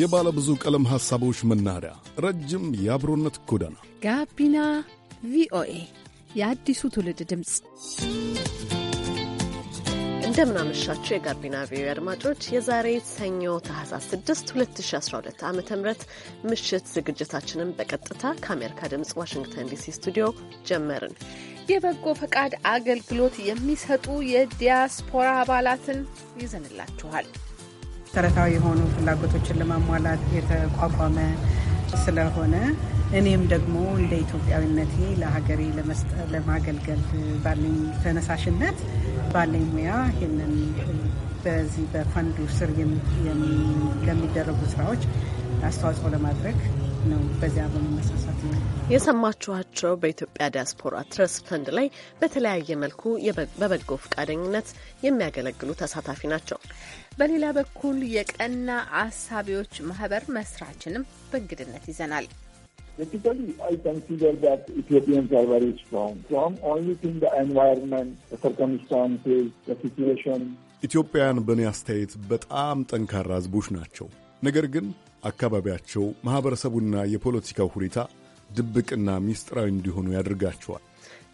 የባለ ብዙ ቀለም ሐሳቦች መናኸሪያ፣ ረጅም የአብሮነት ጎዳና፣ ጋቢና ቪኦኤ የአዲሱ ትውልድ ድምፅ። እንደምናመሻችሁ የጋቢና ቪኦኤ አድማጮች፣ የዛሬ ሰኞ ታህሳስ 6 2012 ዓ ም ምሽት ዝግጅታችንን በቀጥታ ከአሜሪካ ድምፅ ዋሽንግተን ዲሲ ስቱዲዮ ጀመርን። የበጎ ፈቃድ አገልግሎት የሚሰጡ የዲያስፖራ አባላትን ይዘንላችኋል። መሰረታዊ የሆኑ ፍላጎቶችን ለማሟላት የተቋቋመ ስለሆነ እኔም ደግሞ እንደ ኢትዮጵያዊነቴ ለሀገሬ ለማገልገል ባለኝ ተነሳሽነት ባለኝ ሙያ ይህንን በዚህ በፈንዱ ስር ለሚደረጉ ስራዎች አስተዋጽኦ ለማድረግ ነው። በዚያ በመመሳሳት ነው የሰማችኋቸው በኢትዮጵያ ዲያስፖራ ትረስ ፈንድ ላይ በተለያየ መልኩ በበጎ ፈቃደኝነት የሚያገለግሉ ተሳታፊ ናቸው። በሌላ በኩል የቀና አሳቢዎች ማህበር መስራችንም በእንግድነት ይዘናል። ኢትዮጵያውያን በእኔ አስተያየት በጣም ጠንካራ ህዝቦች ናቸው። ነገር ግን አካባቢያቸው፣ ማኅበረሰቡና የፖለቲካው ሁኔታ ድብቅና ሚስጥራዊ እንዲሆኑ ያደርጋቸዋል።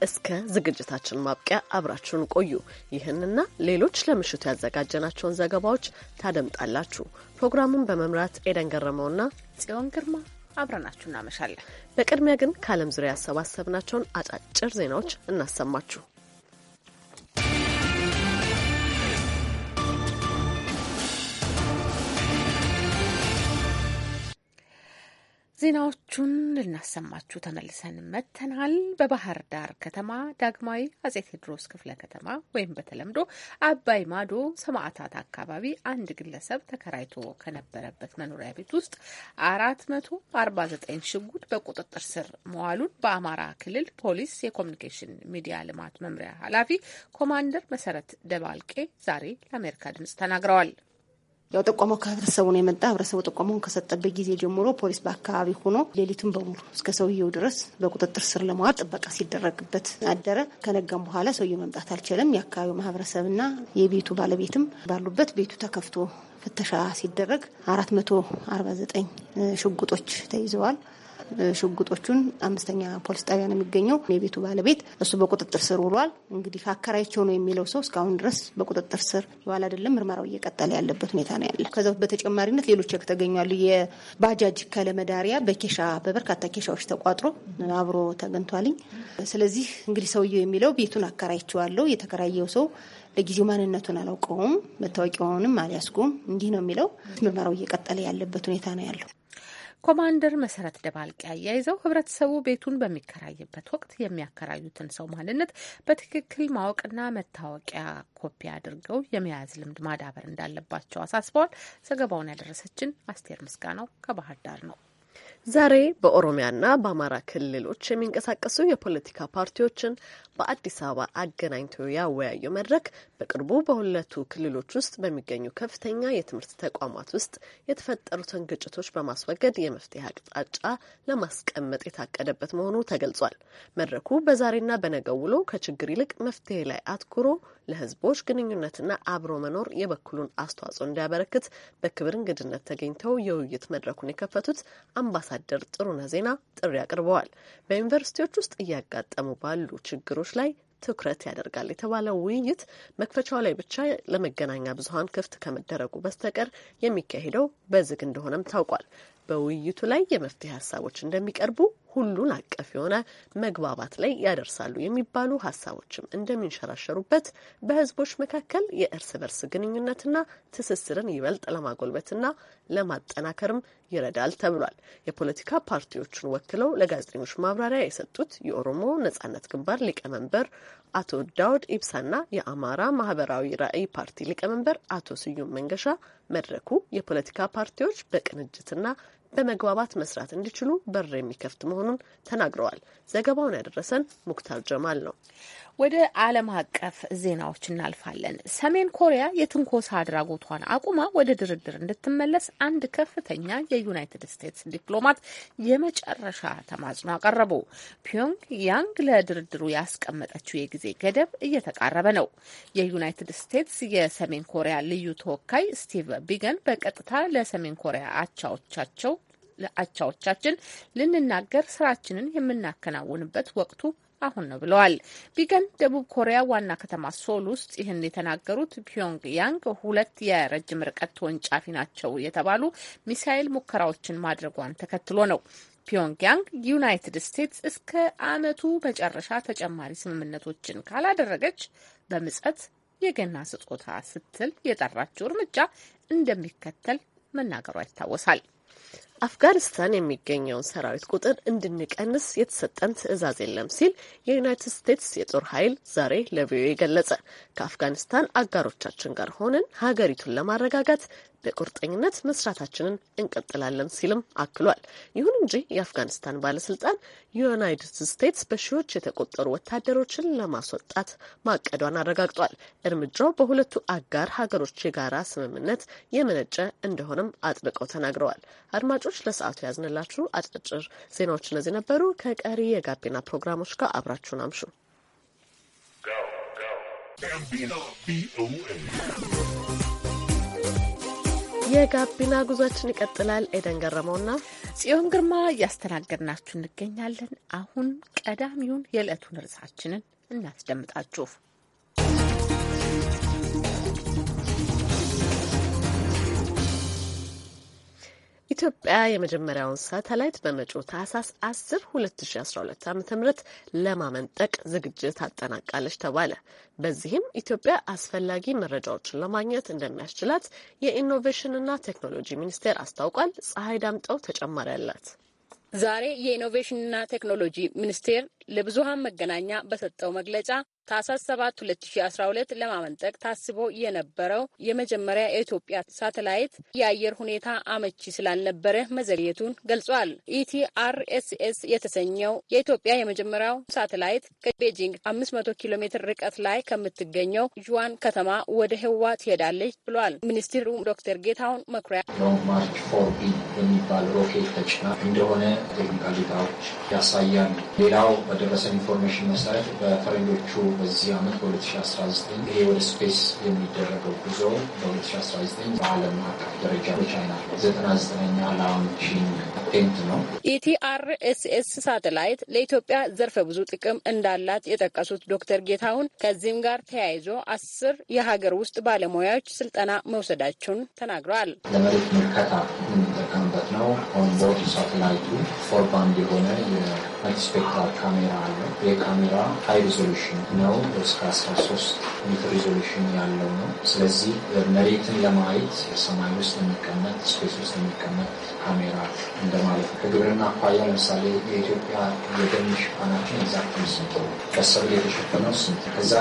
እስከ ዝግጅታችን ማብቂያ አብራችሁን ቆዩ። ይህንና ሌሎች ለምሽቱ ያዘጋጀናቸውን ዘገባዎች ታደምጣላችሁ። ፕሮግራሙን በመምራት ኤደን ገረመውና ጽዮን ግርማ አብረናችሁ እናመሻለን። በቅድሚያ ግን ከዓለም ዙሪያ ያሰባሰብናቸውን አጫጭር ዜናዎች እናሰማችሁ። ዜናዎቹን ልናሰማችሁ ተመልሰን መጥተናል። በባህር ዳር ከተማ ዳግማዊ አጼ ቴዎድሮስ ክፍለ ከተማ ወይም በተለምዶ አባይ ማዶ ሰማዕታት አካባቢ አንድ ግለሰብ ተከራይቶ ከነበረበት መኖሪያ ቤት ውስጥ አራት መቶ አርባ ዘጠኝ ሽጉጥ በቁጥጥር ስር መዋሉን በአማራ ክልል ፖሊስ የኮሚኒኬሽን ሚዲያ ልማት መምሪያ ኃላፊ ኮማንደር መሰረት ደባልቄ ዛሬ ለአሜሪካ ድምጽ ተናግረዋል። ያው ጥቆማው ከህብረተሰቡ ነው የመጣ። ህብረተሰቡ ጥቆማውን ከሰጠበት ጊዜ ጀምሮ ፖሊስ በአካባቢ ሆኖ ሌሊቱን በሙሉ እስከ ሰውየው ድረስ በቁጥጥር ስር ለመዋል ጥበቃ ሲደረግበት አደረ። ከነጋም በኋላ ሰውየው መምጣት አልቻለም። የአካባቢው ማህበረሰብና የቤቱ ባለቤትም ባሉበት ቤቱ ተከፍቶ ፍተሻ ሲደረግ አራት መቶ አርባ ዘጠኝ ሽጉጦች ተይዘዋል። ሽጉጦቹን አምስተኛ ፖሊስ ጣቢያ ነው የሚገኘው። የቤቱ ባለቤት እሱ በቁጥጥር ስር ውሏል። እንግዲህ አከራይቸው ነው የሚለው ሰው እስካሁን ድረስ በቁጥጥር ስር ይዋል አይደለም። ምርመራው እየቀጠለ ያለበት ሁኔታ ነው ያለ። ከዛ በተጨማሪነት ሌሎች ተገኟሉ። የባጃጅ ከለመዳሪያ በኬሻ በበርካታ ኬሻዎች ተቋጥሮ አብሮ ተገኝቷልኝ። ስለዚህ እንግዲህ ሰውየው የሚለው ቤቱን አከራይቸዋለሁ የተከራየው ሰው ለጊዜው ማንነቱን አላውቀውም፣ መታወቂያውንም አልያዝኩም እንዲህ ነው የሚለው። ምርመራው እየቀጠለ ያለበት ሁኔታ ነው ያለው። ኮማንደር መሰረት ደባልቅ አያይዘው ህብረተሰቡ ቤቱን በሚከራይበት ወቅት የሚያከራዩትን ሰው ማንነት በትክክል ማወቅና መታወቂያ ኮፒ አድርገው የመያዝ ልምድ ማዳበር እንዳለባቸው አሳስበዋል። ዘገባውን ያደረሰችን አስቴር ምስጋናው ከባህር ዳር ነው። ዛሬ በኦሮሚያና በአማራ ክልሎች የሚንቀሳቀሱ የፖለቲካ ፓርቲዎችን በአዲስ አበባ አገናኝቶ ያወያየው መድረክ በቅርቡ በሁለቱ ክልሎች ውስጥ በሚገኙ ከፍተኛ የትምህርት ተቋማት ውስጥ የተፈጠሩትን ግጭቶች በማስወገድ የመፍትሄ አቅጣጫ ለማስቀመጥ የታቀደበት መሆኑ ተገልጿል። መድረኩ በዛሬና በነገው ውሎ ከችግር ይልቅ መፍትሄ ላይ አትኩሮ ለሕዝቦች ግንኙነትና አብሮ መኖር የበኩሉን አስተዋጽኦ እንዲያበረክት በክብር እንግድነት ተገኝተው የውይይት መድረኩን የከፈቱት አምባሳ አምባሳደር ጥሩነህ ዜና ጥሪ አቅርበዋል። በዩኒቨርሲቲዎች ውስጥ እያጋጠሙ ባሉ ችግሮች ላይ ትኩረት ያደርጋል የተባለው ውይይት መክፈቻው ላይ ብቻ ለመገናኛ ብዙኃን ክፍት ከመደረጉ በስተቀር የሚካሄደው በዝግ እንደሆነም ታውቋል። በውይይቱ ላይ የመፍትሄ ሀሳቦች እንደሚቀርቡ ሁሉን አቀፍ የሆነ መግባባት ላይ ያደርሳሉ የሚባሉ ሀሳቦችም እንደሚንሸራሸሩበት በህዝቦች መካከል የእርስ በርስ ግንኙነትና ትስስርን ይበልጥ ለማጎልበትና ለማጠናከርም ይረዳል ተብሏል። የፖለቲካ ፓርቲዎቹን ወክለው ለጋዜጠኞች ማብራሪያ የሰጡት የኦሮሞ ነጻነት ግንባር ሊቀመንበር አቶ ዳውድ ኢብሳና የአማራ ማህበራዊ ራዕይ ፓርቲ ሊቀመንበር አቶ ስዩም መንገሻ መድረኩ የፖለቲካ ፓርቲዎች በቅንጅትና በመግባባት መስራት እንዲችሉ በር የሚከፍት መሆኑን ተናግረዋል። ዘገባውን ያደረሰን ሙክታር ጀማል ነው። ወደ ዓለም አቀፍ ዜናዎች እናልፋለን። ሰሜን ኮሪያ የትንኮሳ አድራጎቷን አቁማ ወደ ድርድር እንድትመለስ አንድ ከፍተኛ የዩናይትድ ስቴትስ ዲፕሎማት የመጨረሻ ተማጽኖ አቀረቡ። ፒዮንግ ያንግ ለድርድሩ ያስቀመጠችው የጊዜ ገደብ እየተቃረበ ነው። የዩናይትድ ስቴትስ የሰሜን ኮሪያ ልዩ ተወካይ ስቲቭ ቢገን በቀጥታ ለሰሜን ኮሪያ አቻዎቻቸው አቻዎቻችን ልንናገር ስራችንን የምናከናውንበት ወቅቱ አሁን ነው ብለዋል። ቢገን ደቡብ ኮሪያ ዋና ከተማ ሶል ውስጥ ይህን የተናገሩት ፒዮንግ ያንግ ሁለት የረጅም ርቀት ተወንጫፊ ናቸው የተባሉ ሚሳይል ሙከራዎችን ማድረጓን ተከትሎ ነው። ፒዮንግያንግ ዩናይትድ ስቴትስ እስከ ዓመቱ መጨረሻ ተጨማሪ ስምምነቶችን ካላደረገች በምጸት የገና ስጦታ ስትል የጠራችው እርምጃ እንደሚከተል መናገሯ ይታወሳል። አፍጋኒስታን የሚገኘውን ሰራዊት ቁጥር እንድንቀንስ የተሰጠን ትዕዛዝ የለም ሲል የዩናይትድ ስቴትስ የጦር ኃይል ዛሬ ለቪኦኤ ገለጸ። ከአፍጋኒስታን አጋሮቻችን ጋር ሆነን ሀገሪቱን ለማረጋጋት በቁርጠኝነት መስራታችንን እንቀጥላለን ሲልም አክሏል። ይሁን እንጂ የአፍጋኒስታን ባለስልጣን ዩናይትድ ስቴትስ በሺዎች የተቆጠሩ ወታደሮችን ለማስወጣት ማቀዷን አረጋግጧል። እርምጃው በሁለቱ አጋር ሀገሮች የጋራ ስምምነት የመነጨ እንደሆነም አጥብቀው ተናግረዋል። አድማጮች ለሰዓቱ ያዝንላችሁ አጫጭር ዜናዎች እነዚህ ነበሩ። ከቀሪ የጋቢና ፕሮግራሞች ጋር አብራችሁን አምሹ። Go, go. የጋቢና ጉዟችን ይቀጥላል። ኤደን ገረመውና ጽዮን ግርማ እያስተናገድናችሁ እንገኛለን። አሁን ቀዳሚውን የዕለቱን ርዕሳችንን እናስደምጣችሁ። ኢትዮጵያ የመጀመሪያውን ሳተላይት በመጪው ታህሳስ አስራ ሁለት ዓ ም ለማመንጠቅ ዝግጅት አጠናቃለች ተባለ። በዚህም ኢትዮጵያ አስፈላጊ መረጃዎችን ለማግኘት እንደሚያስችላት የኢኖቬሽንና ቴክኖሎጂ ሚኒስቴር አስታውቋል። ፀሐይ ዳምጠው ተጨማሪ አላት። ዛሬ የኢኖቬሽንና ቴክኖሎጂ ሚኒስቴር ለብዙሀን መገናኛ በሰጠው መግለጫ ታህሳስ 7 2012 ለማመንጠቅ ታስቦ የነበረው የመጀመሪያ የኢትዮጵያ ሳተላይት የአየር ሁኔታ አመቺ ስላልነበረ መዘግየቱን ገልጿል። ኢቲአርኤስኤስ የተሰኘው የኢትዮጵያ የመጀመሪያው ሳተላይት ከቤጂንግ 500 ኪሎ ሜትር ርቀት ላይ ከምትገኘው ዩዋን ከተማ ወደ ህዋ ትሄዳለች ብሏል። ሚኒስትሩ ዶክተር ጌታሁን መኩሪያ ሎንግ ማርች ፎር ቢ የሚባል ሮኬት ተጭና እንደሆነ ቴክኒካል ሁኔታዎች ያሳያል። ሌላው በደረሰ ኢንፎርሜሽን መሰረት በፈረንጆቹ በዚህ ዓመት በ2019 ይሄ ወደ ስፔስ የሚደረገው ጉዞ በ2019 በዓለም አቀፍ ደረጃ በቻይና 99ኛ ላውንቺንግ ነው። ኢቲአርኤስኤስ ሳተላይት ለኢትዮጵያ ዘርፈ ብዙ ጥቅም እንዳላት የጠቀሱት ዶክተር ጌታሁን ከዚህም ጋር ተያይዞ አስር የሀገር ውስጥ ባለሙያዎች ስልጠና መውሰዳቸውን ተናግረዋል። ለመሬት ምልከታ የምንጠቀምበት ነው። ኦንቦርድ ሳተላይቱ ፎርባንድ የሆነ መልቲስፔክታል ካሜራ አለ። የካሜራ ሀይ ሪዞሉሽን ነው፣ እስከ 13 ሜትር ሪዞሉሽን ያለው ነው። ስለዚህ መሬትን ለማየት ሰማይ ውስጥ የሚቀመጥ ስፔስ ውስጥ የሚቀመጥ ካሜራ እንደማለት ነው። ከግብርና አኳያ ለምሳሌ የኢትዮጵያ የደን ሽፋናችን ኤግዛክት ስንት በሰብል የተሸፈነው ስንት? ከዛ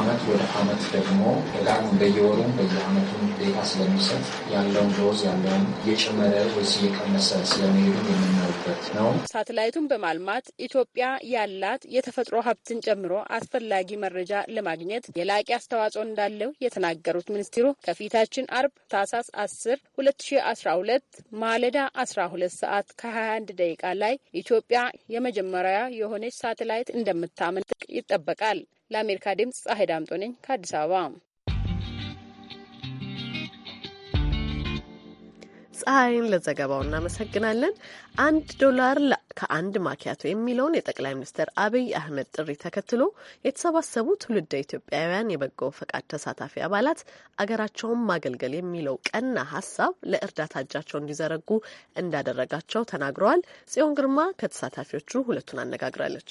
አመት ወደ አመት ደግሞ ደጋግም በየወሩም በየአመቱም ዴታ ስለሚሰጥ ያለውን ዶዝ ያለውን እየጨመረ ወይስ እየቀነሰ ስለመሄዱ የምናውበት ነው። ሳተላይቱን በማልማት ኢትዮጵያ ያላት የተፈጥሮ ሀብትን ጨምሮ አስፈላጊ መረጃ ለማግኘት የላቂ አስተዋጽኦ እንዳለው የተናገሩት ሚኒስትሩ ከፊታችን አርብ ታህሳስ 10 2012 ማለዳ 12 ሰዓት ከ21 ደቂቃ ላይ ኢትዮጵያ የመጀመሪያ የሆነች ሳተላይት እንደምታመንጥቅ ይጠበቃል። ለአሜሪካ ድምፅ ፀሐይ ዳምጦ ነኝ ከአዲስ አበባ። ፀሐይን ለዘገባው እናመሰግናለን። አንድ ዶላር ከአንድ ማኪያቶ የሚለውን የጠቅላይ ሚኒስትር አብይ አህመድ ጥሪ ተከትሎ የተሰባሰቡ ትውልደ ኢትዮጵያውያን የበጎ ፈቃድ ተሳታፊ አባላት አገራቸውን ማገልገል የሚለው ቀና ሀሳብ ለእርዳታ እጃቸው እንዲዘረጉ እንዳደረጋቸው ተናግረዋል። ጽዮን ግርማ ከተሳታፊዎቹ ሁለቱን አነጋግራለች።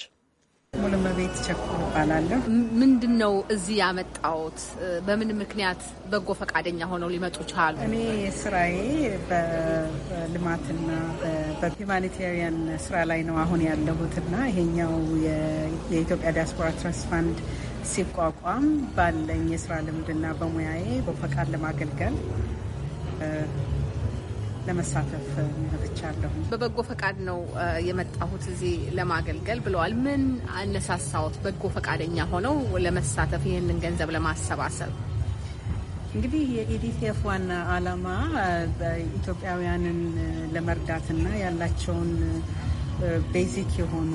ሙሉመቤት ቸኩ እባላለሁ። ምንድን ነው እዚህ ያመጣውት በምን ምክንያት በጎ ፈቃደኛ ሆነው ሊመጡ ቻሉ? እኔ ስራዬ በልማትና በሂማኒቴሪያን ስራ ላይ ነው አሁን ያለሁትና ይሄኛው የኢትዮጵያ ዲያስፖራ ትረስት ፋንድ ሲቋቋም ባለኝ የስራ ልምድና በሙያዬ በፈቃድ ለማገልገል ለመሳተፍ መጥቻለሁ። በበጎ ፈቃድ ነው የመጣሁት እዚህ ለማገልገል ብለዋል። ምን አነሳሳዎት በጎ ፈቃደኛ ሆነው ለመሳተፍ ይህንን ገንዘብ ለማሰባሰብ? እንግዲህ የኢዲቲኤፍ ዋና ዓላማ ኢትዮጵያውያንን ለመርዳትና ያላቸውን ቤዚክ የሆኑ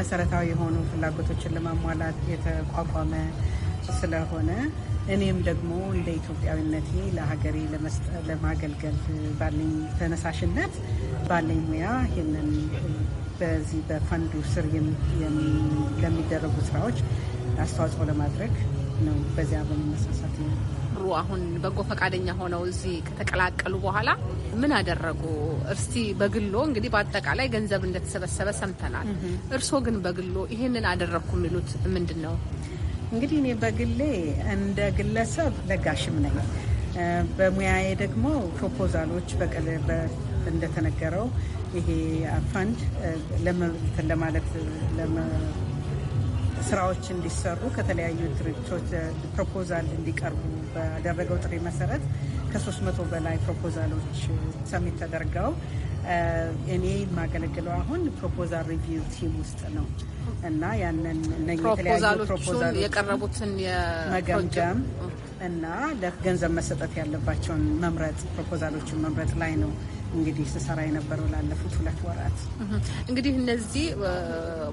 መሰረታዊ የሆኑ ፍላጎቶችን ለማሟላት የተቋቋመ ስለሆነ እኔም ደግሞ እንደ ኢትዮጵያዊነቴ ለሀገሬ ለማገልገል ባለኝ ተነሳሽነት ባለኝ ሙያ ይህንን በዚህ በፈንዱ ስር ለሚደረጉ ስራዎች አስተዋጽኦ ለማድረግ ነው። በዚያ በመነሳሳት ነው። አሁን በጎ ፈቃደኛ ሆነው እዚህ ከተቀላቀሉ በኋላ ምን አደረጉ? እርስቲ በግሎ እንግዲህ በአጠቃላይ ገንዘብ እንደተሰበሰበ ሰምተናል። እርስዎ ግን በግሎ ይህንን አደረግኩ የሚሉት ምንድን ነው? እንግዲህ እኔ በግሌ እንደ ግለሰብ ለጋሽም ነኝ። በሙያዬ ደግሞ ፕሮፖዛሎች እንደተነገረው ይሄ ፈንድ ለማለት ስራዎች እንዲሰሩ ከተለያዩ ድርጅቶች ፕሮፖዛል እንዲቀርቡ ባደረገው ጥሪ መሰረት ከ300 በላይ ፕሮፖዛሎች ሰሚት ተደርገው እኔ የማገለግለው አሁን ፕሮፖዛል ሪቪው ቲም ውስጥ ነው እና ያንን የተለያዩ የቀረቡትን መገምገም እና ለገንዘብ መሰጠት ያለባቸውን መምረጥ ፕሮፖዛሎችን መምረጥ ላይ ነው እንግዲህ ስሰራ የነበረው ላለፉት ሁለት ወራት። እንግዲህ እነዚህ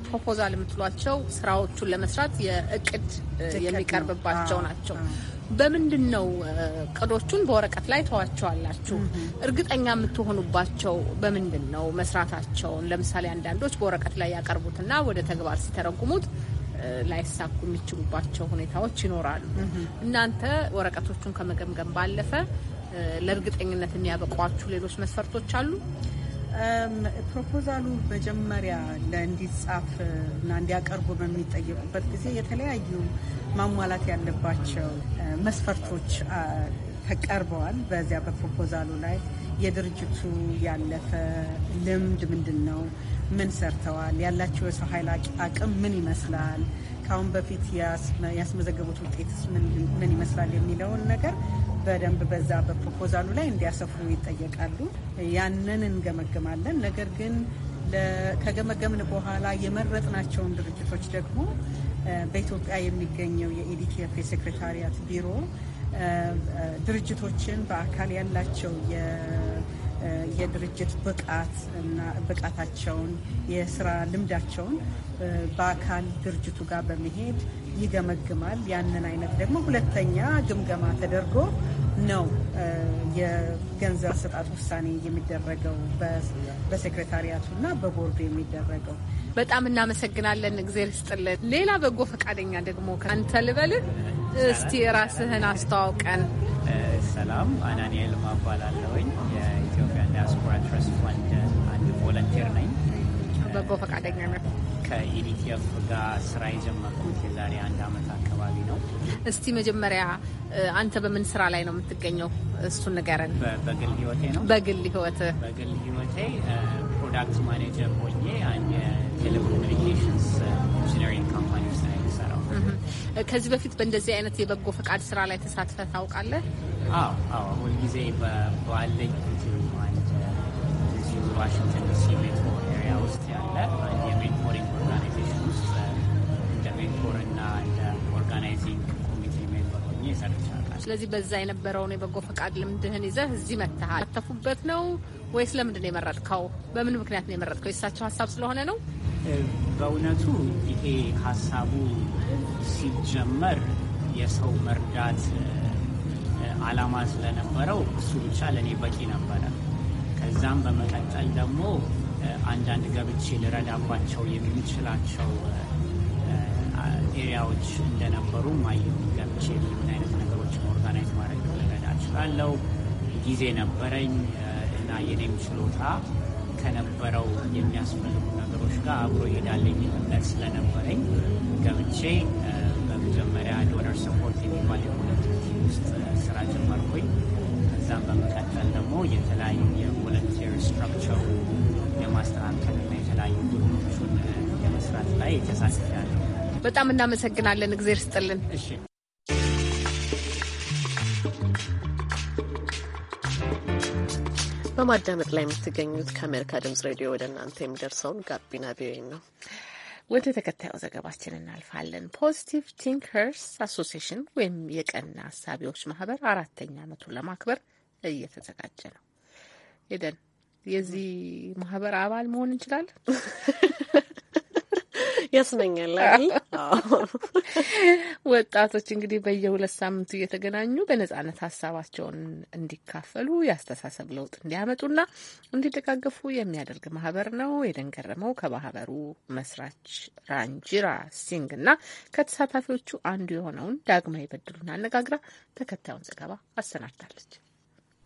ፕሮፖዛል የምትሏቸው ስራዎቹን ለመስራት የእቅድ የሚቀርብባቸው ናቸው። በምንድን ነው እቅዶቹን በወረቀት ላይ ተዋቸዋላችሁ እርግጠኛ የምትሆኑባቸው በምንድን ነው መስራታቸውን? ለምሳሌ አንዳንዶች በወረቀት ላይ ያቀርቡትና ወደ ተግባር ሲተረጉሙት ላይሳኩ የሚችሉባቸው ሁኔታዎች ይኖራሉ። እናንተ ወረቀቶቹን ከመገምገም ባለፈ ለእርግጠኝነት የሚያበቋችሁ ሌሎች መስፈርቶች አሉ? ፕሮፖዛሉ መጀመሪያ ለእንዲጻፍ እና እንዲያቀርቡ በሚጠየቁበት ጊዜ የተለያዩ ማሟላት ያለባቸው መስፈርቶች ተቀርበዋል። በዚያ በፕሮፖዛሉ ላይ የድርጅቱ ያለፈ ልምድ ምንድን ነው? ምን ሰርተዋል? ያላቸው የሰው ኃይል አቅም ምን ይመስላል? ከአሁን በፊት ያስመዘገቡት ውጤት ምን ይመስላል የሚለውን ነገር በደንብ በዛ በፕሮፖዛሉ ላይ እንዲያሰፍሩ ይጠየቃሉ። ያንን እንገመግማለን። ነገር ግን ከገመገምን በኋላ የመረጥናቸውን ድርጅቶች ደግሞ በኢትዮጵያ የሚገኘው የኢዲቲኤፍ የሴክሬታሪያት ቢሮ ድርጅቶችን በአካል ያላቸው የድርጅት ብቃት እና ብቃታቸውን የስራ ልምዳቸውን በአካል ድርጅቱ ጋር በመሄድ ይገመግማል። ያንን አይነት ደግሞ ሁለተኛ ግምገማ ተደርጎ ነው የገንዘብ ስጣት ውሳኔ የሚደረገው በሴክሬታሪያቱ እና በቦርዱ የሚደረገው። በጣም እናመሰግናለን። እግዜር ይስጥልን። ሌላ በጎ ፈቃደኛ ደግሞ ከአንተ ልበልን። እስቲ ራስህን አስተዋውቀን። ሰላም፣ አናኒኤል እባላለሁኝ ዲያስፖራ ትረስት ፈንድ አንድ ቮለንቲር ነኝ። በጎ ፈቃደኛ ነ ከኢዲቲኤፍ ጋር ስራ የጀመርኩት የዛሬ አንድ አመት አካባቢ ነው። እስቲ መጀመሪያ አንተ በምን ስራ ላይ ነው የምትገኘው? እሱን ንገረን። በግል ህይወቴ ነው። በግል ህይወት በግል ህይወቴ ፕሮዳክት ማኔጀር ሆኜ አንድ የቴሌኮሙኒኬሽንስ ኢንጂነሪንግ ካምፓኒ ውስጥ ነው የሚሰራው። ከዚህ በፊት በእንደዚህ አይነት የበጎ ፈቃድ ስራ ላይ ተሳትፈ ታውቃለህ? አዎ አዎ፣ ሁልጊዜ ባለኝ ዋሽንግተን ዲሲ ሜትሮ ኤሪያ ውስጥ ያለ አንድ የሜንቶሪንግ ኦርጋናይዜሽን ውስጥ እንደ ሜንቶር እና እንደ ኦርጋናይዚንግ ኮሚቴ ሜምበር ሆኜ ሰርቻለሁ። ስለዚህ በዛ የነበረውን የበጎ ፈቃድ ልምድህን ይዘህ እዚህ መጥተሃል። ተፉበት ነው ወይስ ለምንድን ነው የመረጥከው? በምን ምክንያት ነው የመረጥከው? የእሳቸው ሀሳብ ስለሆነ ነው? በእውነቱ ይሄ ሀሳቡ ሲጀመር የሰው መርዳት አላማ ስለነበረው እሱ ብቻ ለእኔ በቂ ነበረ። ከዛም በመቀጠል ደግሞ አንዳንድ ገብቼ ልረዳባቸው የምችላቸው ኤሪያዎች እንደነበሩ ማየ ገብቼ ምን አይነት ነገሮችን ኦርጋናይዝ ማድረግ ልረዳ እችላለሁ። ጊዜ ነበረኝ እና የኔም ችሎታ ከነበረው የሚያስፈልጉ ነገሮች ጋር አብሮ ይሄዳለኝ እምነት ስለነበረኝ ገብቼ በመጀመሪያ ዶነር ሰፖርት የሚባል የሆነ ውስጥ ስራ ጀመርኩኝ። ከዛም በመቀጠል ደግሞ የተለያዩ የቮለንቲር ስትራክቸሩ የተለያዩ ቡድኖቹን የመስራት ላይ ያለው። በጣም እናመሰግናለን። እግዜር ስጥልን። እሺ በማዳመጥ ላይ የምትገኙት ከአሜሪካ ድምጽ ሬዲዮ ወደ እናንተ የሚደርሰውን ጋቢና ቪኦኤ ነው። ወደ ተከታዩ ዘገባችን እናልፋለን። ፖዚቲቭ ቲንከርስ አሶሲሽን ወይም የቀና ሀሳቢዎች ማህበር አራተኛ ዓመቱን ለማክበር እየተዘጋጀ ነው። ሄደን የዚህ ማህበር አባል መሆን እንችላለን። ያስመኛል ወጣቶች እንግዲህ በየሁለት ሳምንቱ እየተገናኙ በነጻነት ሀሳባቸውን እንዲካፈሉ የአስተሳሰብ ለውጥ እንዲያመጡና እንዲደጋገፉ የሚያደርግ ማህበር ነው። የደንገረመው ከማህበሩ መስራች ራንጂራ ሲንግ እና ከተሳታፊዎቹ አንዱ የሆነውን ዳግማ የበድሉን አነጋግራ ተከታዩን ዘገባ አሰናድታለች።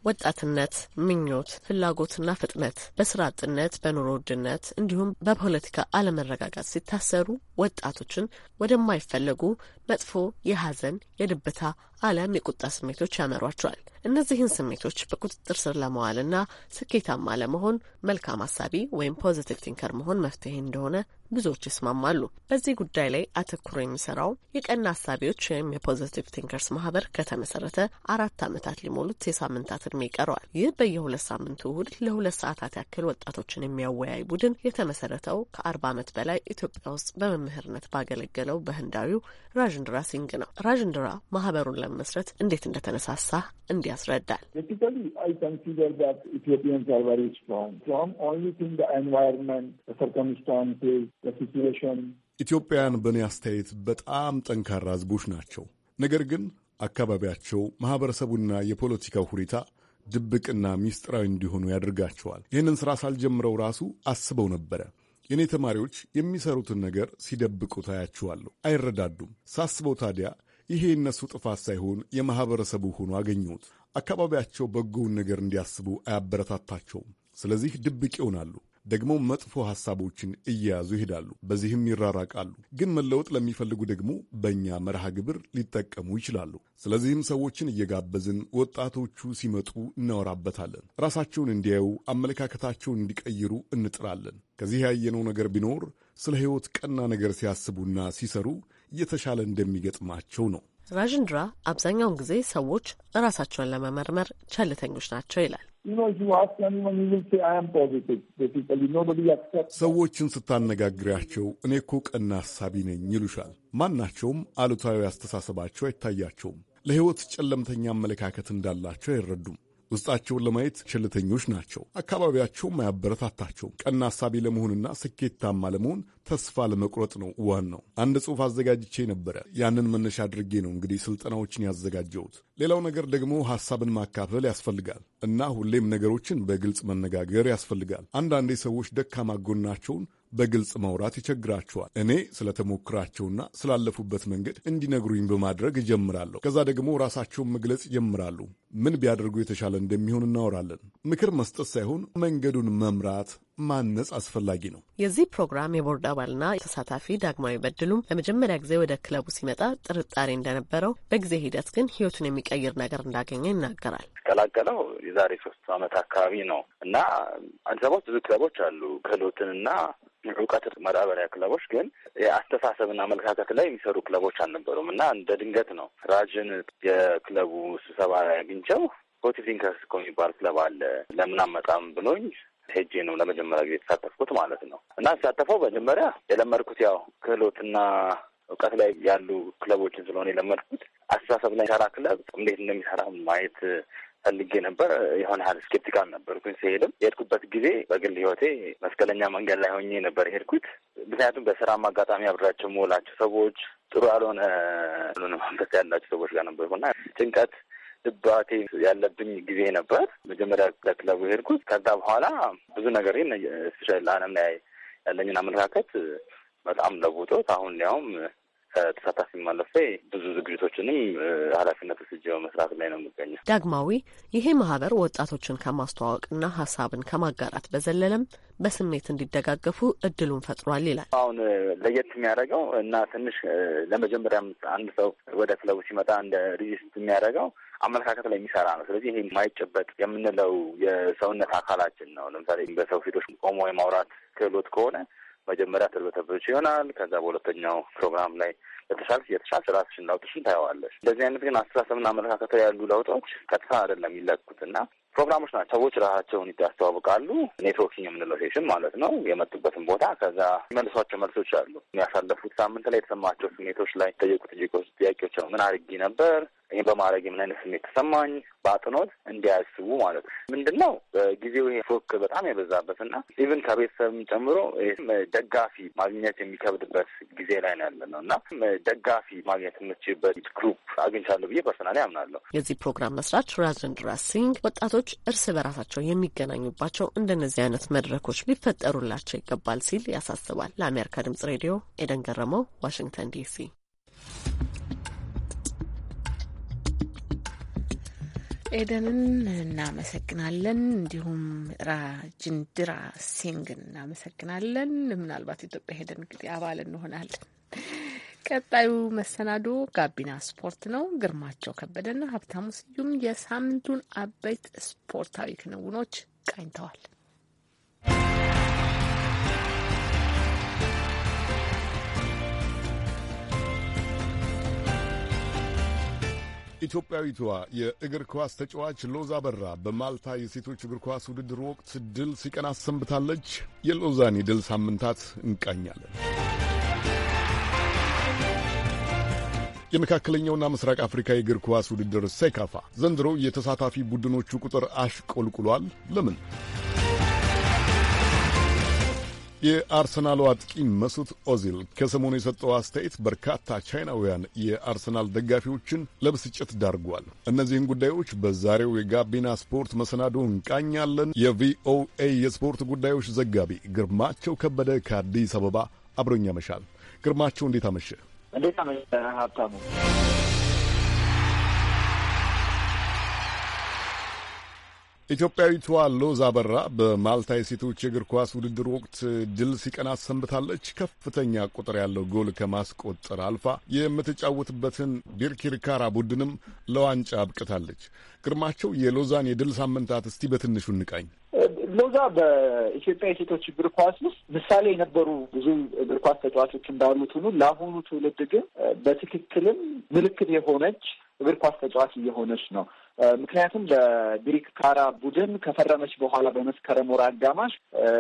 ወጣትነት፣ ምኞት፣ ፍላጎትና ፍጥነት በስራ አጥነት፣ በኑሮ ውድነት እንዲሁም በፖለቲካ አለመረጋጋት ሲታሰሩ ወጣቶችን ወደማይፈለጉ መጥፎ የሐዘን፣ የድብታ አሊያም የቁጣ ስሜቶች ያመሯቸዋል። እነዚህን ስሜቶች በቁጥጥር ስር ለመዋልና ስኬታማ ለመሆን መልካም አሳቢ ወይም ፖዚቲቭ ቲንከር መሆን መፍትሄ እንደሆነ ብዙዎች ይስማማሉ። በዚህ ጉዳይ ላይ አተኩሮ የሚሰራው የቀና አሳቢዎች ወይም የፖዚቲቭ ቲንከርስ ማህበር ከተመሰረተ አራት ዓመታት ሊሞሉት የሳምንታት እድሜ ይቀረዋል። ይህ በየሁለት ሳምንቱ እሁድ ለሁለት ሰዓታት ያክል ወጣቶችን የሚያወያይ ቡድን የተመሰረተው ከአርባ ዓመት በላይ ኢትዮጵያ ውስጥ በመምህርነት ባገለገለው በህንዳዊው ራዥ ራዥንድራ ሲንግ ነው። ራዥንድራ ማህበሩን ለመመስረት እንዴት እንደተነሳሳ እንዲያስረዳል! ያስረዳል። ኢትዮጵያውያን በእኔ አስተያየት በጣም ጠንካራ ህዝቦች ናቸው። ነገር ግን አካባቢያቸው፣ ማህበረሰቡና የፖለቲካው ሁኔታ ድብቅና ሚስጥራዊ እንዲሆኑ ያደርጋቸዋል። ይህንን ስራ ሳልጀምረው ራሱ አስበው ነበረ የእኔ ተማሪዎች የሚሰሩትን ነገር ሲደብቁ ታያችኋለሁ። አይረዳዱም። ሳስበው ታዲያ ይሄ የእነሱ ጥፋት ሳይሆን የማኅበረሰቡ ሆኖ አገኘሁት። አካባቢያቸው በጎውን ነገር እንዲያስቡ አያበረታታቸውም። ስለዚህ ድብቅ ይሆናሉ። ደግሞ መጥፎ ሐሳቦችን እየያዙ ይሄዳሉ። በዚህም ይራራቃሉ። ግን መለወጥ ለሚፈልጉ ደግሞ በእኛ መርሃ ግብር ሊጠቀሙ ይችላሉ። ስለዚህም ሰዎችን እየጋበዝን ወጣቶቹ ሲመጡ እናወራበታለን። ራሳቸውን እንዲያዩ፣ አመለካከታቸውን እንዲቀይሩ እንጥራለን። ከዚህ ያየነው ነገር ቢኖር ስለ ሕይወት ቀና ነገር ሲያስቡና ሲሰሩ እየተሻለ እንደሚገጥማቸው ነው። ራዥንድራ አብዛኛውን ጊዜ ሰዎች ራሳቸውን ለመመርመር ቸልተኞች ናቸው ይላል። you know, if you ask anyone, he will say, I am positive. Basically, nobody accepts. ሰዎችን ስታነጋግሪያቸው እኔ እኮ ቀና ሀሳቢ ነኝ ይሉሻል። ማናቸውም አሉታዊ አስተሳሰባቸው አይታያቸውም። ለሕይወት ጨለምተኛ አመለካከት እንዳላቸው አይረዱም። ውስጣቸውን ለማየት ችልተኞች ናቸው። አካባቢያቸውም አያበረታታቸውም። ቀና ሀሳቢ ለመሆንና ስኬታማ ለመሆን ተስፋ ለመቁረጥ ነው ዋናው። አንድ ጽሑፍ አዘጋጅቼ ነበረ። ያንን መነሻ አድርጌ ነው እንግዲህ ስልጠናዎችን ያዘጋጀሁት። ሌላው ነገር ደግሞ ሀሳብን ማካፈል ያስፈልጋል። እና ሁሌም ነገሮችን በግልጽ መነጋገር ያስፈልጋል። አንዳንዴ ሰዎች ደካማ ጎናቸውን በግልጽ መውራት ይቸግራቸዋል። እኔ ስለተሞክራቸውና ስላለፉበት መንገድ እንዲነግሩኝ በማድረግ እጀምራለሁ። ከዛ ደግሞ ራሳቸውን መግለጽ ይጀምራሉ። ምን ቢያደርጉ የተሻለ እንደሚሆን እናወራለን። ምክር መስጠት ሳይሆን መንገዱን መምራት ማነጽ አስፈላጊ ነው። የዚህ ፕሮግራም የቦርድ አባልና ተሳታፊ ዳግማዊ በድሉም ለመጀመሪያ ጊዜ ወደ ክለቡ ሲመጣ ጥርጣሬ እንደነበረው፣ በጊዜ ሂደት ግን ህይወቱን የሚቀይር ነገር እንዳገኘ ይናገራል። ቀላቀለው የዛሬ ሶስት አመት አካባቢ ነው እና አዲስ አበባ ብዙ ክለቦች አሉ ክህሎትንና እውቀት መዳበሪያ ክለቦች ግን የአስተሳሰብና አመለካከት ላይ የሚሰሩ ክለቦች አልነበሩም እና እንደ ድንገት ነው ራጅን የክለቡ ስብሰባ ላይ አግኝቸው ፖቲቲንከርስ እኮ የሚባል ክለብ አለ ለምን አመጣም ብሎኝ ሄጄ ነው ለመጀመሪያ ጊዜ የተሳተፍኩት ማለት ነው። እና የተሳተፈው መጀመሪያ የለመድኩት ያው ክህሎትና እውቀት ላይ ያሉ ክለቦችን ስለሆነ የለመድኩት አስተሳሰብ ላይ ሰራ ክለብ እንዴት እንደሚሰራ ማየት ፈልጌ ነበር። የሆነ ያህል ስኬፕቲካል ነበርኩኝ ሲሄድም። የሄድኩበት ጊዜ በግል ህይወቴ መስቀለኛ መንገድ ላይ ሆኜ ነበር የሄድኩት። ምክንያቱም በስራም አጋጣሚ አብራቸው መውላቸው ሰዎች ጥሩ ያልሆነ መንፈስ ያላቸው ሰዎች ጋር ነበርኩና ጭንቀት፣ ድባቴ ያለብኝ ጊዜ ነበር። መጀመሪያ ለክለቡ ሄድኩት። ከዛ በኋላ ብዙ ነገር ስፔሻሊ ለዓለም ላይ ያለኝን አመለካከት በጣም ለውጦት አሁን ሊያውም ተሳታፊ ማለፌ ብዙ ዝግጅቶችንም ኃላፊነት ስጅ መስራት ላይ ነው የሚገኘው። ዳግማዊ ይሄ ማህበር ወጣቶችን ከማስተዋወቅና ሀሳብን ከማጋራት በዘለለም በስሜት እንዲደጋገፉ እድሉን ፈጥሯል ይላል። አሁን ለየት የሚያደርገው እና ትንሽ ለመጀመሪያ አንድ ሰው ወደ ክለቡ ሲመጣ እንደ ሪጅስት የሚያደርገው አመለካከት ላይ የሚሰራ ነው። ስለዚህ ይሄ የማይጨበጥ የምንለው የሰውነት አካላችን ነው። ለምሳሌ በሰው ፊቶች ቆሞ የማውራት ክህሎት ከሆነ መጀመሪያ ትርበተብች ይሆናል። ከዛ በሁለተኛው ፕሮግራም ላይ ለተሻለ የተሻለ ራስሽን ለውጥሽን ታየዋለች። እንደዚህ አይነት ግን አስተሳሰብና አመለካከት ያሉ ለውጦች ቀጥታ አይደለም የሚለኩት እና ፕሮግራሞች ናቸው። ሰዎች ራሳቸውን ያስተዋውቃሉ። ኔትወርኪንግ የምንለው ሴሽን ማለት ነው። የመጡበትን ቦታ ከዛ የሚመልሷቸው መልሶች አሉ። ያሳለፉት ሳምንት ላይ የተሰማቸው ስሜቶች ላይ ጠየቁ ጥያቄዎች ነው። ምን አድርጌ ነበር ይህ በማድረግ የምን አይነት ስሜት ተሰማኝ በአጥኖት እንዲያስቡ ማለት ነው። ምንድን ነው በጊዜው ይሄ ፎክ በጣም የበዛበት እና ኢቨን ከቤተሰብም ጨምሮ ደጋፊ ማግኘት የሚከብድበት ጊዜ ላይ ነው ያለ ነው እና ደጋፊ ማግኘት የምችበት ግሩፕ አግኝቻለሁ ብዬ ፐርሰናሊ አምናለሁ። የዚህ ፕሮግራም መስራች ራጀንድራ ሲንግ ወጣቶች እርስ በራሳቸው የሚገናኙባቸው እንደነዚህ አይነት መድረኮች ሊፈጠሩላቸው ይገባል ሲል ያሳስባል። ለአሜሪካ ድምጽ ሬዲዮ ኤደን ገረመው ዋሽንግተን ዲሲ። ኤደንን እናመሰግናለን። እንዲሁም ራጅንድራ ሲንግን እናመሰግናለን። ምናልባት ኢትዮጵያ ሄደን እንግዲህ አባል እንሆናለን። ቀጣዩ መሰናዶ ጋቢና ስፖርት ነው። ግርማቸው ከበደና ሀብታሙ ስዩም የሳምንቱን አበይት ስፖርታዊ ክንውኖች ቃኝተዋል። ኢትዮጵያዊቷ የእግር ኳስ ተጫዋች ሎዛ በራ በማልታ የሴቶች እግር ኳስ ውድድር ወቅት ድል ሲቀን አሰንብታለች። የሎዛን የድል ሳምንታት እንቃኛለን። የመካከለኛውና ምስራቅ አፍሪካ የእግር ኳስ ውድድር ሴካፋ ዘንድሮ የተሳታፊ ቡድኖቹ ቁጥር አሽቆልቁሏል። ለምን? የአርሰናሉ አጥቂ መሱት ኦዚል ከሰሞኑ የሰጠው አስተያየት በርካታ ቻይናውያን የአርሰናል ደጋፊዎችን ለብስጭት ዳርጓል። እነዚህን ጉዳዮች በዛሬው የጋቢና ስፖርት መሰናዶ እንቃኛለን። የቪኦኤ የስፖርት ጉዳዮች ዘጋቢ ግርማቸው ከበደ ከአዲስ አበባ አብሮኝ ያመሻል። ግርማቸው እንዴት አመሸ? እንዴት አመሸ ሀብታሙ? ኢትዮጵያዊቷ ሎዛ አበራ በማልታ የሴቶች የእግር ኳስ ውድድር ወቅት ድል ሲቀና ሰንብታለች። ከፍተኛ ቁጥር ያለው ጎል ከማስቆጠር አልፋ የምትጫወትበትን ቢርኪርካራ ቡድንም ለዋንጫ አብቅታለች። ግርማቸው የሎዛን የድል ሳምንታት እስቲ በትንሹ እንቃኝ። ሎዛ በኢትዮጵያ የሴቶች እግር ኳስ ውስጥ ምሳሌ የነበሩ ብዙ እግር ኳስ ተጫዋቾች እንዳሉት ሁሉ ለአሁኑ ትውልድ ግን በትክክልም ምልክት የሆነች እግር ኳስ ተጫዋች እየሆነች ነው። ምክንያቱም ለግሪክ ካራ ቡድን ከፈረመች በኋላ በመስከረም ወር አጋማሽ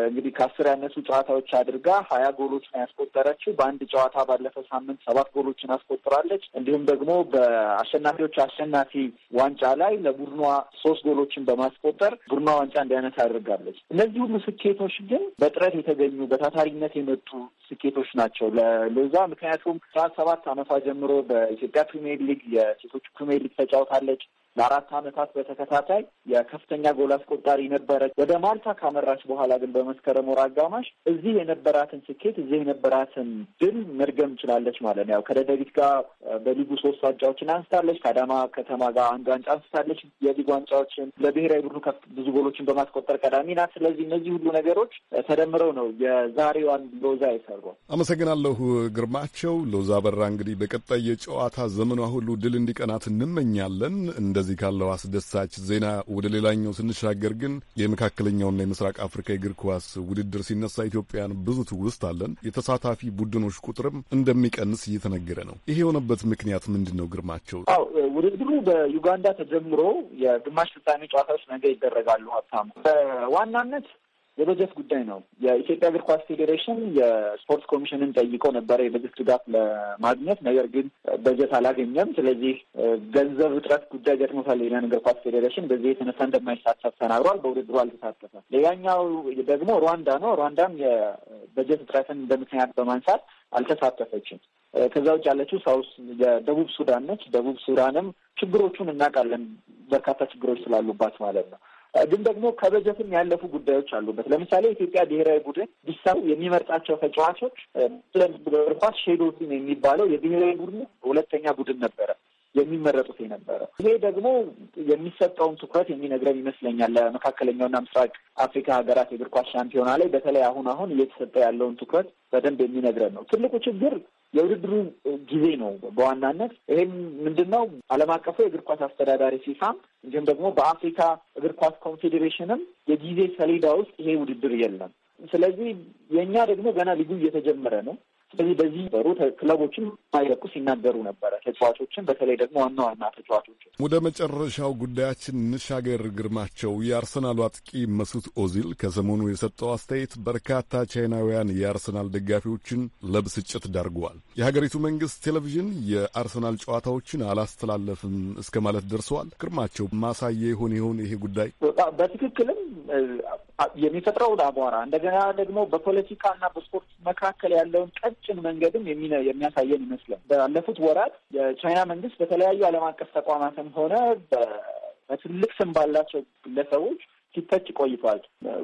እንግዲህ ከአስር ያነሱ ጨዋታዎች አድርጋ ሀያ ጎሎችን ያስቆጠረችው በአንድ ጨዋታ ባለፈ ሳምንት ሰባት ጎሎችን አስቆጥራለች። እንዲሁም ደግሞ በአሸናፊዎች አሸናፊ ዋንጫ ላይ ለቡድኗ ሶስት ጎሎችን በማስቆጠር ቡድኗ ዋንጫ እንዲያነሳ ታደርጋለች። እነዚህ ሁሉ ስኬቶች ግን በጥረት የተገኙ በታታሪነት የመጡ ስኬቶች ናቸው ለሎዛ። ምክንያቱም ሰባት ሰባት አመቷ ጀምሮ በኢትዮጵያ ፕሪሚየር ሊግ የሴቶች ፕሪሚየር ሊግ ተጫውታለች። ለአራት ዓመታት በተከታታይ የከፍተኛ ጎል አስቆጣሪ ነበረ። ወደ ማልታ ካመራች በኋላ ግን በመስከረም ወር አጋማሽ እዚህ የነበራትን ስኬት እዚህ የነበራትን ድል መድገም ችላለች ማለት ነው። ያው ከደደቢት ጋር በሊጉ ሶስት ዋንጫዎችን አንስታለች። ከአዳማ ከተማ ጋር አንድ ዋንጫ አንስታለች። የሊጉ ዋንጫዎችን ለብሔራዊ ቡድኑ ብዙ ጎሎችን በማስቆጠር ቀዳሚ ናት። ስለዚህ እነዚህ ሁሉ ነገሮች ተደምረው ነው የዛሬዋን ሎዛ የሰሩ። አመሰግናለሁ ግርማቸው። ሎዛ በራ እንግዲህ በቀጣይ የጨዋታ ዘመኗ ሁሉ ድል እንዲቀናት እንመኛለን። እንደዚህ እንደዚህ ካለው አስደሳች ዜና ወደ ሌላኛው ስንሻገር ግን የመካከለኛውና የምስራቅ አፍሪካ የእግር ኳስ ውድድር ሲነሳ ኢትዮጵያን ብዙ ትውስት አለን። የተሳታፊ ቡድኖች ቁጥርም እንደሚቀንስ እየተነገረ ነው። ይሄ የሆነበት ምክንያት ምንድን ነው? ግርማቸው፣ ውድድሩ በዩጋንዳ ተጀምሮ የግማሽ ፍጻሜ ጨዋታዎች ነገ ይደረጋሉ። ሀብታሙ በዋናነት የበጀት ጉዳይ ነው። የኢትዮጵያ እግር ኳስ ፌዴሬሽን የስፖርት ኮሚሽንን ጠይቆ ነበረ የበጀት ድጋፍ ለማግኘት ነገር ግን በጀት አላገኘም። ስለዚህ ገንዘብ እጥረት ጉዳይ ገጥሞታል የኢትዮጵያ እግር ኳስ ፌዴሬሽን። በዚህ የተነሳ እንደማይሳተፍ ተናግሯል። በውድድሩ አልተሳተፈም። ሌላኛው ደግሞ ሩዋንዳ ነው። ሩዋንዳም የበጀት እጥረትን በምክንያት ምክንያት በማንሳት አልተሳተፈችም። ከዛ ውጭ ያለችው ሳውስ የደቡብ ሱዳን ነች። ደቡብ ሱዳንም ችግሮቹን እናውቃለን። በርካታ ችግሮች ስላሉባት ማለት ነው። ግን ደግሞ ከበጀትም ያለፉ ጉዳዮች አሉበት። ለምሳሌ የኢትዮጵያ ብሔራዊ ቡድን ቢሳቡ የሚመርጣቸው ተጫዋቾች እግር ኳስ ሼዶ ቲም የሚባለው የብሔራዊ ቡድን ሁለተኛ ቡድን ነበረ የሚመረጡት የነበረው። ይሄ ደግሞ የሚሰጠውን ትኩረት የሚነግረን ይመስለኛል ለመካከለኛውና ምስራቅ አፍሪካ ሀገራት የእግር ኳስ ሻምፒዮና ላይ በተለይ አሁን አሁን እየተሰጠ ያለውን ትኩረት በደንብ የሚነግረን ነው። ትልቁ ችግር የውድድሩ ጊዜ ነው በዋናነት ይህም ምንድን ነው አለም አቀፉ የእግር ኳስ አስተዳዳሪ ፊፋም እንዲሁም ደግሞ በአፍሪካ እግር ኳስ ኮንፌዴሬሽንም የጊዜ ሰሌዳ ውስጥ ይሄ ውድድር የለም። ስለዚህ የእኛ ደግሞ ገና ሊጉ እየተጀመረ ነው። ስለዚህ በዚህ በሩ ክለቦችም ማይለቁ ሲናገሩ ነበረ። ተጫዋቾችን በተለይ ደግሞ ዋና ዋና ተጫዋቾችን ወደ መጨረሻው ጉዳያችን እንሻገር። ግርማቸው፣ የአርሰናሉ አጥቂ መሱት ኦዚል ከሰሞኑ የሰጠው አስተያየት በርካታ ቻይናውያን የአርሰናል ደጋፊዎችን ለብስጭት ዳርገዋል። የሀገሪቱ መንግስት ቴሌቪዥን የአርሰናል ጨዋታዎችን አላስተላለፍም እስከ ማለት ደርሰዋል። ግርማቸው፣ ማሳያ ይሆን ይሆን ይሄ ጉዳይ በትክክልም የሚፈጥረውን አቧራ እንደገና ደግሞ በፖለቲካ እና በስፖርት መካከል ያለውን ቀን ቀጭን መንገድም የሚያሳየን ይመስላል። ባለፉት ወራት የቻይና መንግስት በተለያዩ ዓለም አቀፍ ተቋማትም ሆነ በትልቅ ስም ባላቸው ግለሰቦች ሲተች ቆይቷል።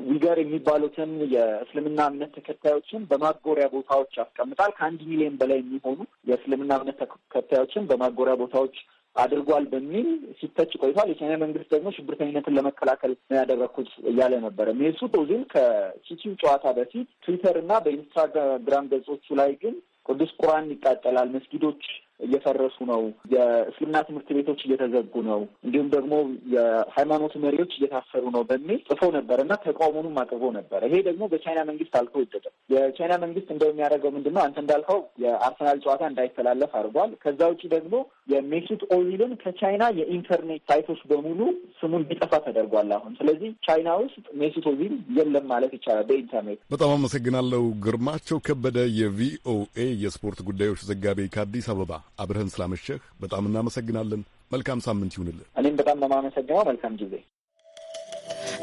ዊገር የሚባሉትን የእስልምና እምነት ተከታዮችን በማጎሪያ ቦታዎች ያስቀምጣል። ከአንድ ሚሊዮን በላይ የሚሆኑ የእስልምና እምነት ተከታዮችን በማጎሪያ ቦታዎች አድርጓል በሚል ሲተች ቆይቷል። የኬንያ መንግስት ደግሞ ሽብርተኝነትን ለመከላከል ነው ያደረግኩት እያለ ነበረ። ሜሱት ኦዚል ከሲቲው ጨዋታ በፊት ትዊተር እና በኢንስታግራም ገጾቹ ላይ ግን ቅዱስ ቁርአን ይቃጠላል፣ መስጊዶች እየፈረሱ ነው፣ የእስልምና ትምህርት ቤቶች እየተዘጉ ነው፣ እንዲሁም ደግሞ የሃይማኖት መሪዎች እየታሰሩ ነው በሚል ጽፎ ነበር እና ተቃውሞኑም አቅርቦ ነበር። ይሄ ደግሞ በቻይና መንግስት አልተወደደም። የቻይና መንግስት እንደሚያደርገው ምንድን ነው አንተ እንዳልከው የአርሰናል ጨዋታ እንዳይተላለፍ አድርጓል። ከዛ ውጭ ደግሞ የሜሱት ኦይልን ከቻይና የኢንተርኔት ሳይቶች በሙሉ ስሙ እንዲጠፋ ተደርጓል። አሁን ስለዚህ ቻይና ውስጥ ሜሱት ኦይል የለም ማለት ይቻላል በኢንተርኔት። በጣም አመሰግናለሁ። ግርማቸው ከበደ የቪኦኤ የስፖርት ጉዳዮች ዘጋቢ ከአዲስ አበባ አብረህን ስላመሸህ በጣም እናመሰግናለን። መልካም ሳምንት ይሁንልን። እኔም በጣም በማመሰግነው መልካም ጊዜ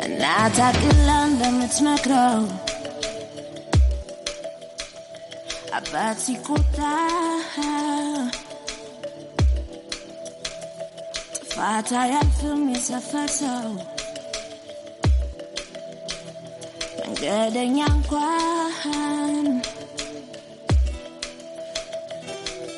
እናታቅላን በምትመክረው አባት ሲቆጣ ጥፋት አያልፍም የሰፈሰው መንገደኛ እንኳን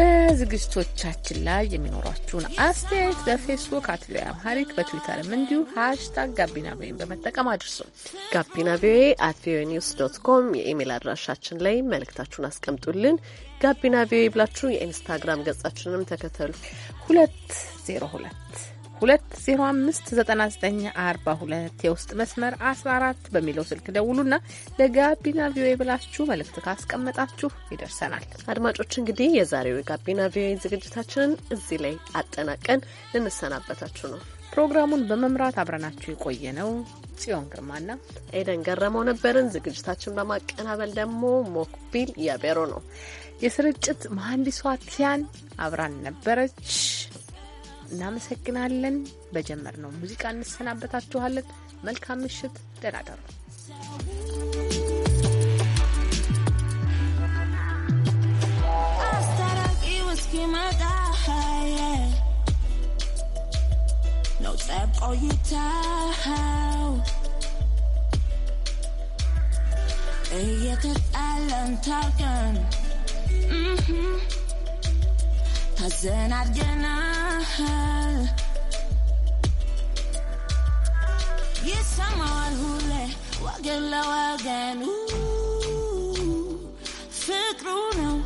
በዝግጅቶቻችን ላይ የሚኖሯችሁን አስተያየት በፌስቡክ አት ቪኦኤ አምሃሪክ በትዊተርም እንዲሁ ሀሽታግ ጋቢና ቪኦኤን በመጠቀም አድርሱ። ጋቢና ቪኦኤ አት ቪኦኤ ኒውስ ዶት ኮም የኢሜይል አድራሻችን ላይ መልእክታችሁን አስቀምጡልን። ጋቢና ቪኦኤ ብላችሁ የኢንስታግራም ገጻችንንም ተከተሉ። ሁለት ዜሮ ሁለት 2059942 የውስጥ መስመር 14 በሚለው ስልክ ደውሉና ለጋቢና ቪኦኤ ብላችሁ መልእክት ካስቀመጣችሁ ይደርሰናል። አድማጮች እንግዲህ የዛሬው የጋቢና ቪኦኤ ዝግጅታችንን እዚህ ላይ አጠናቀን ልንሰናበታችሁ ነው። ፕሮግራሙን በመምራት አብረናችሁ የቆየ ነው ጽዮን ግርማና ኤደን ገረመው ነበርን። ዝግጅታችን በማቀናበል ደግሞ ሞክቢል ያቤሮ ነው። የስርጭት መሐንዲሷ ቲያን አብራን ነበረች። እናመሰግናለን። በጀመር ነው ሙዚቃ እንሰናበታችኋለን። መልካም ምሽት፣ ደህና Mm-hmm. ሐዘን አድገናል ይሰማዋል ሁሌ ወገን ለወገኑ ፍቅሩ ነው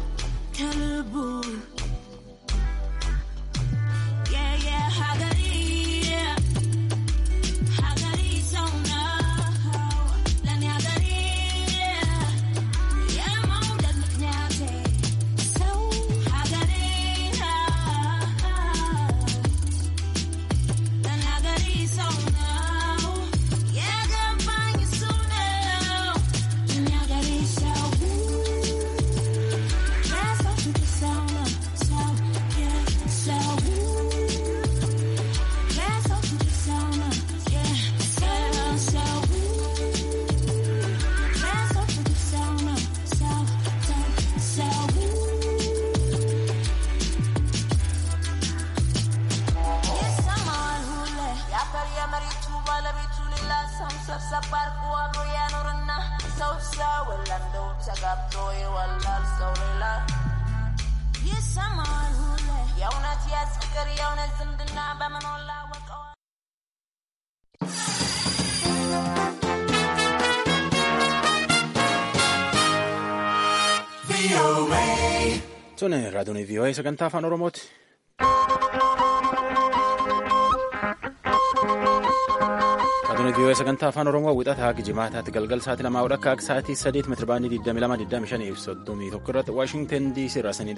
ከልቡ Tune raadiyooni VOA sagantaa afaan Oromooti. raadiyooni VOA sagantaa afaan Oromoo wixataa jimaataatti galgal sa'aatii lamaa akka sa'aatii 3 meetira baandii 22 25 fi 31 irratti Waashingten diisii irraa